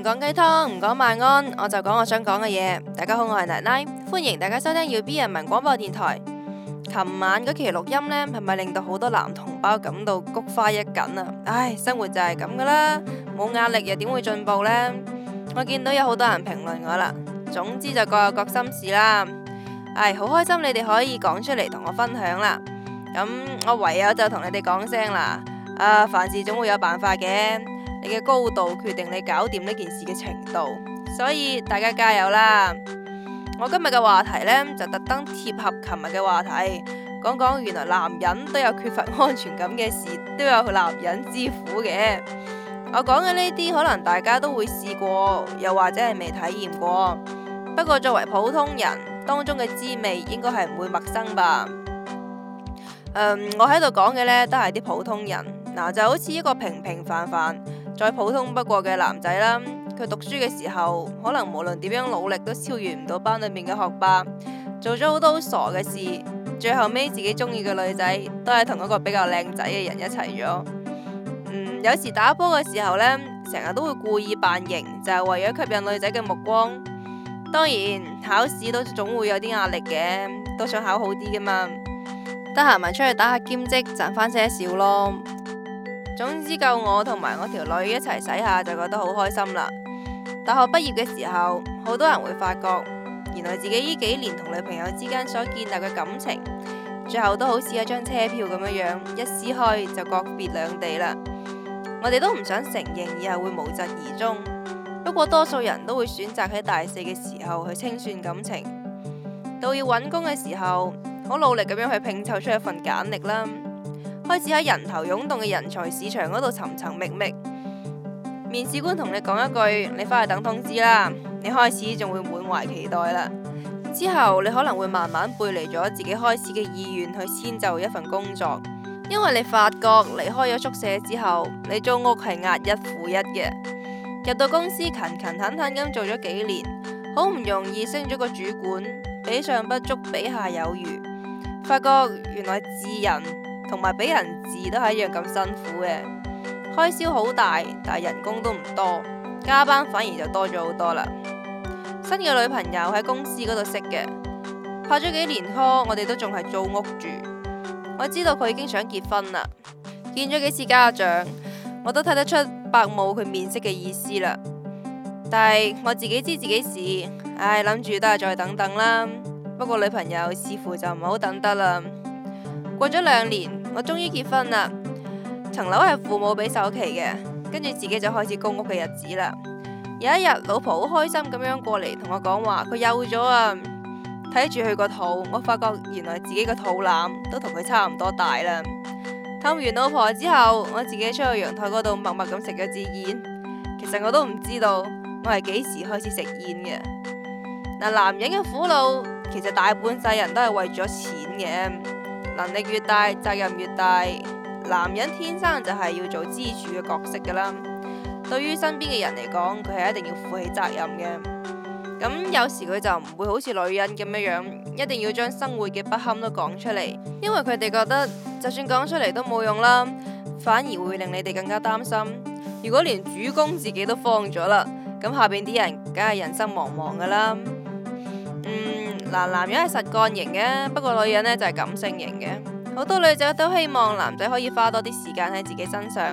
唔講雞湯，唔講晚安，我就講我想講嘅嘢。大家好，我係奶奶，歡迎大家收聽耀 B 人民廣播電台。琴晚嗰期錄音呢，係咪令到好多男同胞感到菊花一緊啊？唉，生活就係咁噶啦，冇壓力又點會進步呢？我見到有好多人評論我啦，總之就各有各心事啦。唉，好開心你哋可以講出嚟同我分享啦。咁我唯有就同你哋講聲啦。啊、呃，凡事總會有辦法嘅。嘅高度決定你搞掂呢件事嘅程度，所以大家加油啦！我今日嘅話題呢，就特登貼合琴日嘅話題，講講原來男人都有缺乏安全感嘅事，都有男人之苦嘅。我講嘅呢啲可能大家都會試過，又或者係未體驗過。不過作為普通人當中嘅滋味，應該係唔會陌生吧？嗯，我喺度講嘅呢，都係啲普通人，嗱，就好似一個平平凡凡。再普通不過嘅男仔啦，佢讀書嘅時候可能無論點樣努力都超越唔到班裏面嘅學霸，做咗好多很傻嘅事，最後尾自己中意嘅女仔都係同一個比較靚仔嘅人一齊咗。嗯，有時打波嘅時候呢，成日都會故意扮型，就係、是、為咗吸引女仔嘅目光。當然，考試都總會有啲壓力嘅，都想考好啲噶嘛。得閒咪出去打下兼職，賺翻些少咯。總之夠我同埋我條女一齊洗一下就覺得好開心啦！大學畢業嘅時候，好多人會發覺，原來自己呢幾年同女朋友之間所建立嘅感情，最後都好似一張車票咁樣樣，一撕開就各別兩地啦。我哋都唔想承認，以後會無疾而終。不過多數人都會選擇喺大四嘅時候去清算感情，到要搵工嘅時候，好努力咁樣去拼湊出一份簡歷啦。開始喺人頭湧動嘅人才市場嗰度尋尋覓覓，面試官同你講一句，你返去等通知啦。你開始仲會滿懷期待啦，之後你可能會慢慢背離咗自己開始嘅意願去遷就一份工作，因為你發覺離開咗宿舍之後，你租屋係押一付一嘅。入到公司勤勤懇懇咁做咗幾年，好唔容易升咗個主管，比上不足，比下有餘，發覺原來智人。同埋俾人治都係一樣咁辛苦嘅，開銷好大，但係人工都唔多，加班反而就多咗好多啦。新嘅女朋友喺公司嗰度識嘅，拍咗幾年拖，我哋都仲係租屋住。我知道佢已經想結婚啦，見咗幾次家長，我都睇得出伯母佢面色嘅意思啦。但係我自己知自己事，唉，諗住都係再等等啦。不過女朋友似乎就唔係好等得啦。過咗兩年。我終於結婚啦，層樓係父母俾首期嘅，跟住自己就開始供屋嘅日子啦。有一日，老婆好開心咁樣過嚟同我講話，佢幼咗啊！睇住佢個肚，我發覺原來自己個肚腩都同佢差唔多大啦。氹完老婆之後，我自己出去陽台嗰度默默咁食咗支煙。其實我都唔知道我係幾時開始食煙嘅。嗱，男人嘅苦惱，其實大半世人都係為咗錢嘅。能力越大，責任越大。男人天生就係要做支柱嘅角色噶啦。對於身邊嘅人嚟講，佢係一定要負起責任嘅。咁有時佢就唔會好似女人咁樣樣，一定要將生活嘅不堪都講出嚟，因為佢哋覺得就算講出嚟都冇用啦，反而會令你哋更加擔心。如果連主公自己都放咗啦，咁下邊啲人梗係人生茫茫噶啦。嗱，男人係實幹型嘅，不過女人呢就係感性型嘅。好多女仔都希望男仔可以花多啲時間喺自己身上。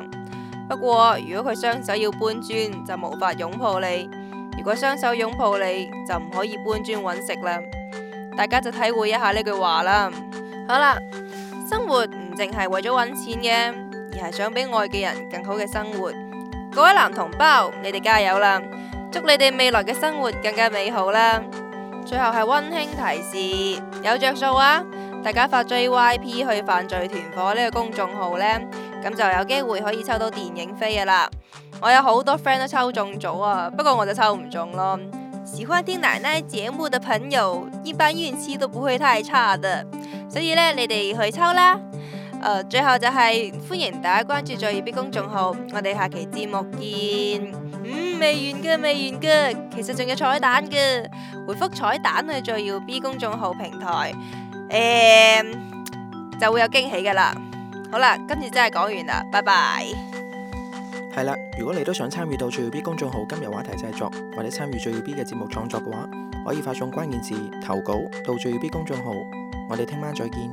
不過如果佢雙手要搬磚，就無法擁抱你；如果雙手擁抱你，就唔可以搬磚揾食啦。大家就體會一下呢句話啦。好啦，生活唔淨係為咗揾錢嘅，而係想俾愛嘅人更好嘅生活。各位男同胞，你哋加油啦！祝你哋未來嘅生活更加美好啦！最後係溫馨提示，有着數啊！大家發 JYP 去犯罪團伙呢個公眾號呢，咁就有機會可以抽到電影飛噶啦！我有好多 friend 都抽中咗啊，不過我就抽唔中咯。喜歡聽奶奶節目嘅朋友，一般運氣都不會太差的，所以呢，你哋去抽啦。誒，最後就係歡迎大家關注最耀 B 公眾號，我哋下期節目見。嗯，未完噶，未完噶，其實仲有彩蛋噶，回覆彩蛋去最耀 B 公眾號平台，誒，就會有驚喜噶啦。好啦，今次真係講完啦，拜拜。係啦，如果你都想參與到最耀 B 公眾號今日話題製作，或者參與最耀 B 嘅節目創作嘅話，可以發送關鍵字投稿到最耀 B 公眾號，我哋聽晚再見。